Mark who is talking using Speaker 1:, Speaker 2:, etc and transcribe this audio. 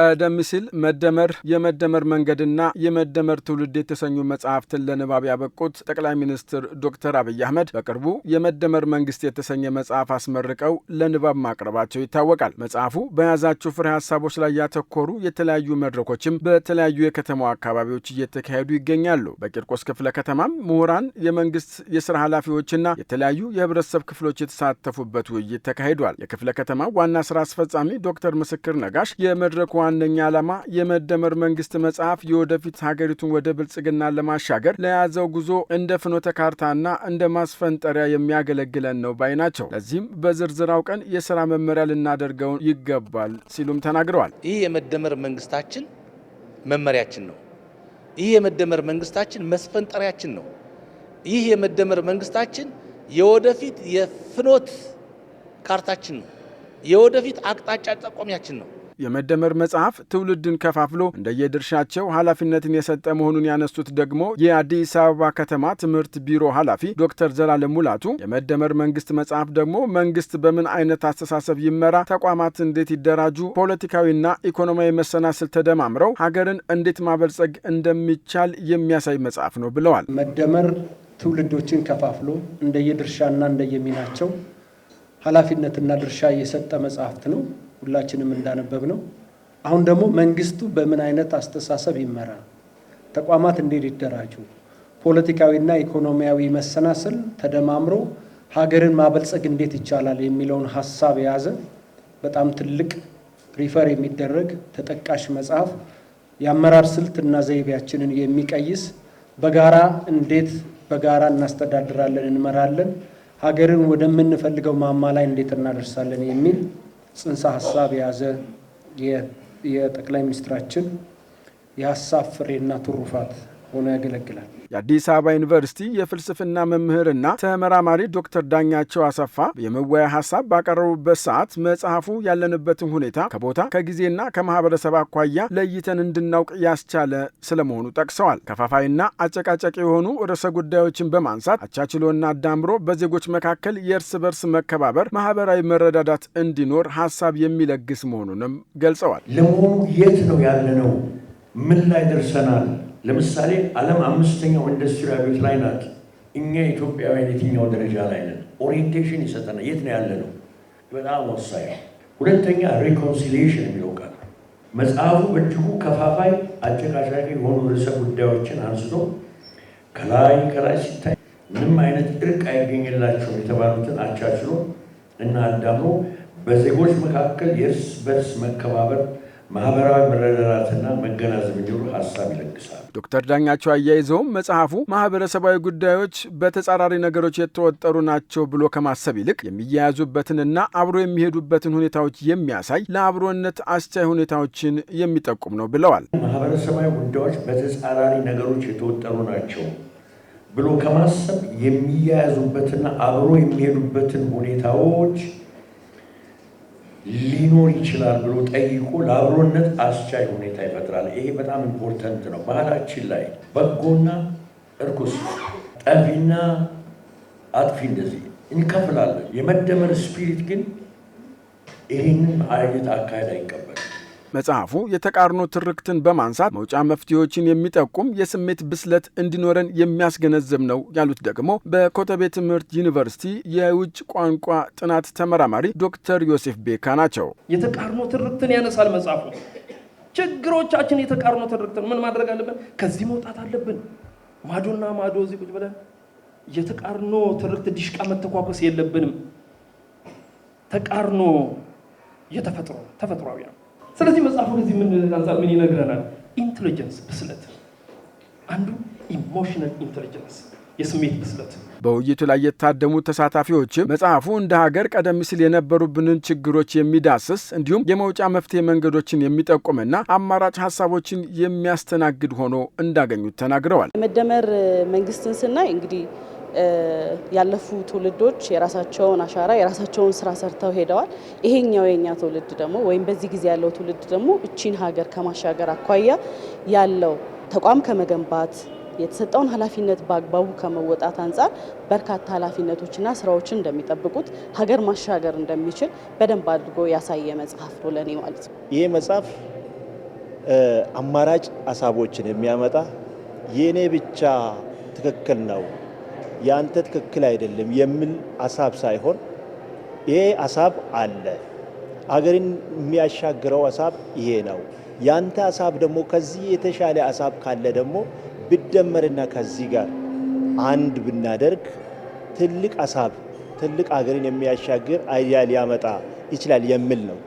Speaker 1: ቀደም ሲል መደመር የመደመር መንገድና የመደመር ትውልድ የተሰኙ መጽሐፍትን ለንባብ ያበቁት ጠቅላይ ሚኒስትር ዶክተር አብይ አህመድ በቅርቡ የመደመር መንግስት የተሰኘ መጽሐፍ አስመርቀው ለንባብ ማቅረባቸው ይታወቃል። መጽሐፉ በያዛቸው ፍሬ ሀሳቦች ላይ ያተኮሩ የተለያዩ መድረኮችም በተለያዩ የከተማው አካባቢዎች እየተካሄዱ ይገኛሉ። በቂርቆስ ክፍለ ከተማም ምሁራን፣ የመንግስት የስራ ኃላፊዎችና የተለያዩ የህብረተሰብ ክፍሎች የተሳተፉበት ውይይት ተካሂዷል። የክፍለ ከተማ ዋና ስራ አስፈጻሚ ዶክተር ምስክር ነጋሽ የመድረኩ ዋነኛ ዓላማ የመደመር መንግስት መጽሐፍ የወደፊት ሀገሪቱን ወደ ብልጽግና ለማሻገር ለያዘው ጉዞ እንደ ፍኖተ ካርታና እንደ ማስፈንጠሪያ የሚያገለግለን ነው ባይ ናቸው። ለዚህም በዝርዝራው ቀን የስራ መመሪያ ልናደርገው ይገባል ሲሉም ተናግረዋል።
Speaker 2: ይህ የመደመር መንግስታችን መመሪያችን ነው። ይህ የመደመር መንግስታችን መስፈንጠሪያችን ነው። ይህ የመደመር መንግስታችን የወደፊት የፍኖት ካርታችን ነው። የወደፊት አቅጣጫ ጠቋሚያችን ነው።
Speaker 1: የመደመር መጽሐፍ ትውልድን ከፋፍሎ እንደየድርሻቸው ኃላፊነትን የሰጠ መሆኑን ያነሱት ደግሞ የአዲስ አበባ ከተማ ትምህርት ቢሮ ኃላፊ ዶክተር ዘላለም ሙላቱ የመደመር መንግስት መጽሐፍ ደግሞ መንግስት በምን አይነት አስተሳሰብ ይመራ፣ ተቋማት እንዴት ይደራጁ፣ ፖለቲካዊና ኢኮኖሚያዊ መሰናስል ተደማምረው ሀገርን እንዴት ማበልጸግ እንደሚቻል የሚያሳይ መጽሐፍ ነው ብለዋል።
Speaker 3: መደመር ትውልዶችን ከፋፍሎ እንደየድርሻና እንደየሚናቸው ኃላፊነትና ድርሻ የሰጠ መጽሐፍት ነው። ሁላችንም እንዳነበብ ነው። አሁን ደግሞ መንግስቱ በምን አይነት አስተሳሰብ ይመራ፣ ተቋማት እንዴት ይደራጁ፣ ፖለቲካዊና ኢኮኖሚያዊ መሰናሰል ተደማምሮ ሀገርን ማበልጸግ እንዴት ይቻላል የሚለውን ሀሳብ የያዘ በጣም ትልቅ ሪፈር የሚደረግ ተጠቃሽ መጽሐፍ የአመራር ስልትና ዘይቤያችንን የሚቀይስ በጋራ እንዴት በጋራ እናስተዳድራለን፣ እንመራለን፣ ሀገርን ወደምንፈልገው ማማ ላይ እንዴት እናደርሳለን የሚል ጽንሰ ሀሳብ የያዘ የጠቅላይ ሚኒስትራችን የሀሳብ ፍሬና ትሩፋት ሆኖ ያገለግላል።
Speaker 1: የአዲስ አበባ ዩኒቨርሲቲ የፍልስፍና መምህርና ተመራማሪ ዶክተር ዳኛቸው አሰፋ የመወያ ሀሳብ ባቀረቡበት ሰዓት መጽሐፉ ያለንበትን ሁኔታ ከቦታ ከጊዜና ከማህበረሰብ አኳያ ለይተን እንድናውቅ ያስቻለ ስለመሆኑ ጠቅሰዋል። ከፋፋይና አጨቃጫቂ የሆኑ ርዕሰ ጉዳዮችን በማንሳት አቻችሎና አዳምሮ በዜጎች መካከል የእርስ በርስ መከባበር፣ ማህበራዊ መረዳዳት እንዲኖር ሀሳብ የሚለግስ መሆኑንም ገልጸዋል።
Speaker 4: ለመሆኑ የት ነው ያለነው? ምን ላይ ደርሰናል? ለምሳሌ ዓለም አምስተኛው ኢንዱስትሪ አብዮት ላይ ናት። እኛ ኢትዮጵያውያን የትኛው ደረጃ ላይ ነን? ኦሪየንቴሽን ይሰጠናል። የት ነው ያለ ነው? በጣም ወሳኝ ሁለተኛ ሪኮንሲሊየሽን የሚለው ቃል መጽሐፉ በእጅጉ ከፋፋይ፣ አጨቃጫቂ የሆኑ ርዕሰ ጉዳዮችን አንስቶ ከላይ ከላይ ሲታይ ምንም አይነት እርቅ አይገኝላቸውም የተባሉትን አቻችሎ እና አዳምሮ በዜጎች መካከል የእርስ በርስ መከባበር ማህበራዊ መረዳዳትና መገናዘብ እንዲኖር ሀሳብ ይለግሳል።
Speaker 1: ዶክተር ዳኛቸው አያይዘውም መጽሐፉ ማህበረሰባዊ ጉዳዮች በተጻራሪ ነገሮች የተወጠሩ ናቸው ብሎ ከማሰብ ይልቅ የሚያያዙበትንና አብሮ የሚሄዱበትን ሁኔታዎች የሚያሳይ ለአብሮነት አስቻይ ሁኔታዎችን የሚጠቁም ነው ብለዋል።
Speaker 4: ማህበረሰባዊ ጉዳዮች በተጻራሪ ነገሮች የተወጠሩ ናቸው ብሎ ከማሰብ የሚያያዙበትና አብሮ የሚሄዱበትን ሁኔታዎች ሊኖር ይችላል ብሎ ጠይቆ ለአብሮነት አስቻይ ሁኔታ ይፈጥራል። ይሄ በጣም ኢምፖርተንት ነው። ባህላችን ላይ በጎና እርኩስ፣ ጠፊና አጥፊ እንደዚህ እንከፍላለን። የመደመር ስፒሪት ግን ይህንን አይነት አካሄድ አይቀበል
Speaker 1: መጽሐፉ የተቃርኖ ትርክትን በማንሳት መውጫ መፍትሄዎችን የሚጠቁም የስሜት ብስለት እንዲኖረን የሚያስገነዝብ ነው ያሉት ደግሞ በኮተቤ ትምህርት ዩኒቨርሲቲ የውጭ ቋንቋ ጥናት ተመራማሪ ዶክተር ዮሴፍ ቤካ ናቸው።
Speaker 2: የተቃርኖ ትርክትን ያነሳል መጽሐፉ። ችግሮቻችን የተቃርኖ ትርክትን ምን ማድረግ አለብን? ከዚህ መውጣት አለብን። ማዶና ማዶ እዚህ ቁጭ ብለን የተቃርኖ ትርክት ዲሽቃ መተኳኮስ የለብንም። ተቃርኖ የተፈጥሮ ተፈጥሯዊ ነው። ስለዚህ መጽሐፉ ከዚህ ምን ምን ይነግረናል? ኢንቴሊጀንስ ብስለት፣ አንዱ ኢሞሽናል ኢንቴሊጀንስ የስሜት ብስለት።
Speaker 1: በውይይቱ ላይ የታደሙት ተሳታፊዎችም መጽሐፉ እንደ ሀገር ቀደም ሲል የነበሩብንን ችግሮች የሚዳስስ እንዲሁም የመውጫ መፍትሄ መንገዶችን የሚጠቁምና አማራጭ ሀሳቦችን የሚያስተናግድ ሆኖ እንዳገኙት ተናግረዋል።
Speaker 5: መደመር መንግስትን ስናይ እንግዲህ ያለፉ ትውልዶች የራሳቸውን አሻራ የራሳቸውን ስራ ሰርተው ሄደዋል። ይሄኛው የኛ ትውልድ ደግሞ ወይም በዚህ ጊዜ ያለው ትውልድ ደግሞ እቺን ሀገር ከማሻገር አኳያ ያለው ተቋም ከመገንባት የተሰጠውን ኃላፊነት በአግባቡ ከመወጣት አንጻር በርካታ ኃላፊነቶችና ስራዎችን እንደሚጠብቁት ሀገር ማሻገር እንደሚችል በደንብ አድርጎ ያሳየ መጽሐፍ ነው ለእኔ ማለት ነው።
Speaker 6: ይሄ መጽሐፍ አማራጭ ሀሳቦችን የሚያመጣ የእኔ ብቻ ትክክል ነው ያንተ ትክክል አይደለም የሚል አሳብ ሳይሆን ይሄ አሳብ አለ፣ አገርን የሚያሻግረው አሳብ ይሄ ነው። ያንተ አሳብ ደግሞ ከዚህ የተሻለ አሳብ ካለ ደግሞ ብደመርና ከዚህ ጋር አንድ ብናደርግ ትልቅ አሳብ ትልቅ አገርን የሚያሻግር አይዲያ ሊያመጣ ይችላል የሚል ነው።